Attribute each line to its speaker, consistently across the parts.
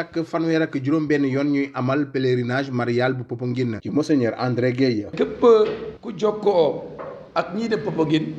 Speaker 1: nak fanweer ak juróom-benn yoon ñuy amal pèlerinage marial bu Popenguine ci monseigneur
Speaker 2: André Guèye. képp ku jokkoo ak ñii de Popenguine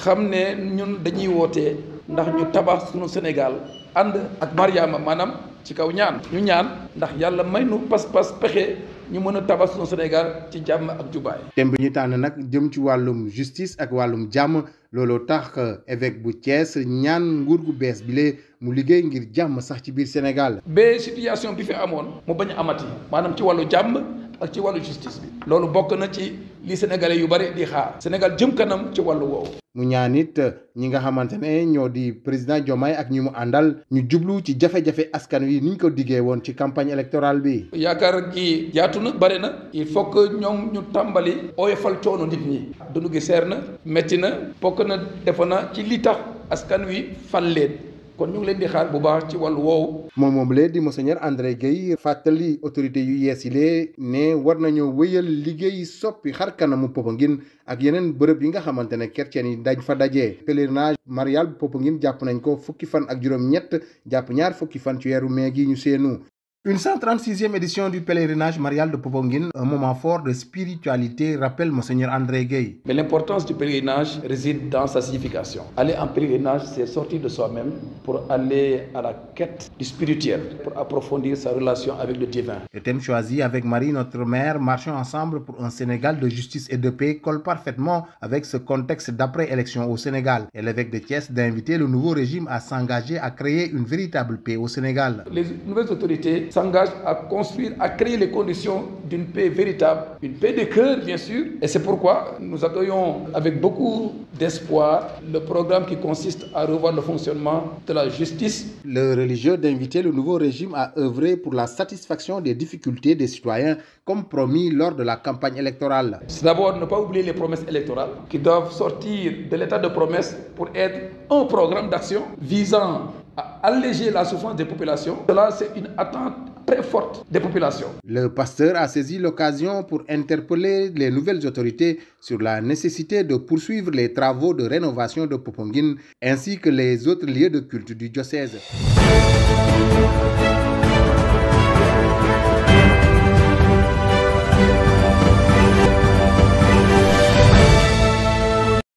Speaker 2: xam ne ñun dañuy woote ndax ñu tabax suñu Sénégal ànd ak Mariama maanaam. ci kaw ñaan ñu ñaan ndax yàlla may nu pas-pas pexe ñu mën a tabax Sénégal ci jàmm ak jubaay
Speaker 1: thème bi ñu tànn nag jëm ci wàllum justice ak wàllum jàmm looloo tax euh, évêque bu cees ñaan nguur gu bees bi mu liggéey ngir jàmm sax ci biir Sénégal.
Speaker 2: ba situation bi fi amoon mu bañ amati maanaam ci wàllu jàmm. ak ci wàllu justice bi loolu bokk na ci li sénégalais yu bari di xaar Sénégal jëm kanam ci wàllu woowu.
Speaker 1: mu ñaan it ñi nga xamante ne ñoo di président Diomaye ak ñi mu àndal ñu jublu ci jafe-jafe askan wi ni ko diggee woon ci campagne électorale bi.
Speaker 2: yaakaar gi jaatu na bare na il faut ñoom ñu tàmbali oyofal coono nit ñi dund gi seer na métti na bokk na defe na ci li tax askan wi fal leen kon ñu ngi leen di xaar bu baax ci wàllu woowu. moom
Speaker 1: moom lee di monseigneur André Guèye fàttali autorité yu yees yi lee ne war nañoo wéyal liggéey soppi xar kanamu Popenguine ak yeneen bërëb yi nga xamante ne chrétien yi dañ fa dajee pèlerinage marial bu Popenguine jàpp nañ ko fukki fan ak juróom-ñett jàpp ñaar fukki fan ci weeru
Speaker 2: mee ñu seenu
Speaker 1: Une 136e édition du pèlerinage marial de Poponguine, un moment fort de spiritualité, rappelle Monseigneur André Gay.
Speaker 2: Mais l'importance du pèlerinage réside dans sa signification. Aller en pèlerinage, c'est sortir de soi-même pour aller à la quête du spirituel, pour approfondir sa relation avec le divin.
Speaker 1: Le thème choisi avec Marie, notre mère, marchant ensemble pour un Sénégal de justice et de paix, colle parfaitement avec ce contexte d'après-élection au Sénégal. Et l'évêque de Thiès d'inviter le nouveau régime à s'engager à créer une véritable paix au Sénégal.
Speaker 2: Les nouvelles autorités s'engage à construire, à créer les conditions d'une paix véritable, une paix de cœur, bien sûr. Et c'est pourquoi nous accueillons avec beaucoup d'espoir le programme qui consiste à revoir le fonctionnement de la justice. Le religieux d'inviter le nouveau
Speaker 1: régime à œuvrer pour la satisfaction des difficultés des citoyens, comme promis lors de la campagne
Speaker 2: électorale. C'est d'abord ne pas oublier les promesses électorales qui doivent sortir de l'état de promesse pour être un programme d'action visant à alléger la souffrance des populations. Cela, c'est une attente très forte des populations.
Speaker 1: Le pasteur a saisi l'occasion pour interpeller les nouvelles autorités sur la nécessité de poursuivre les travaux de rénovation de Popongin ainsi que les autres lieux de culte du diocèse.